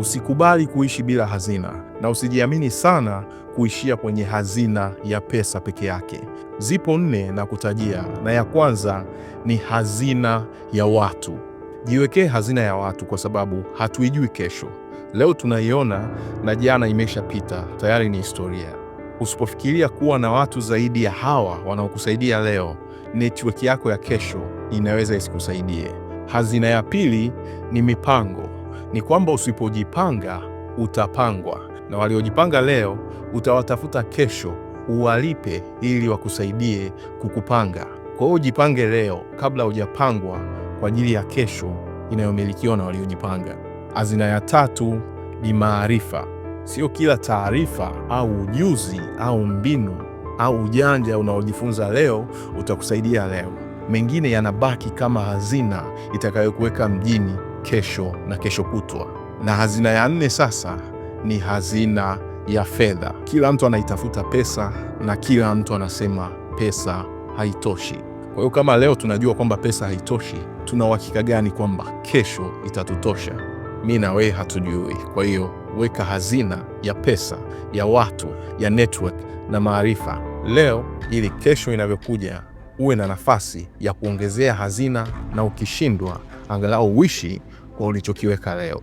Usikubali kuishi bila hazina, na usijiamini sana kuishia kwenye hazina ya pesa peke yake. Zipo nne na kutajia, na ya kwanza ni hazina ya watu. Jiwekee hazina ya watu, kwa sababu hatuijui kesho. Leo tunaiona na jana imeshapita, tayari ni historia. Usipofikiria kuwa na watu zaidi ya hawa wanaokusaidia leo, network yako ya kesho inaweza isikusaidie. Hazina ya pili ni mipango ni kwamba usipojipanga utapangwa, na waliojipanga leo utawatafuta kesho uwalipe ili wakusaidie kukupanga. Kwa hiyo ujipange leo kabla hujapangwa kwa ajili ya kesho inayomilikiwa na waliojipanga. Hazina ya tatu ni maarifa. Sio kila taarifa au ujuzi au mbinu au ujanja unaojifunza leo utakusaidia leo. Mengine yanabaki kama hazina itakayokuweka mjini kesho na kesho kutwa. Na hazina ya nne sasa ni hazina ya fedha. Kila mtu anaitafuta pesa na kila mtu anasema pesa haitoshi. Kwa hiyo kama leo tunajua kwamba pesa haitoshi, tuna uhakika gani kwamba kesho itatutosha? Mi na wewe hatujui. Kwa hiyo weka hazina ya pesa, ya watu, ya network na maarifa leo, ili kesho inavyokuja uwe na nafasi ya kuongezea hazina, na ukishindwa angalau uishi kwa ulichokiweka leo.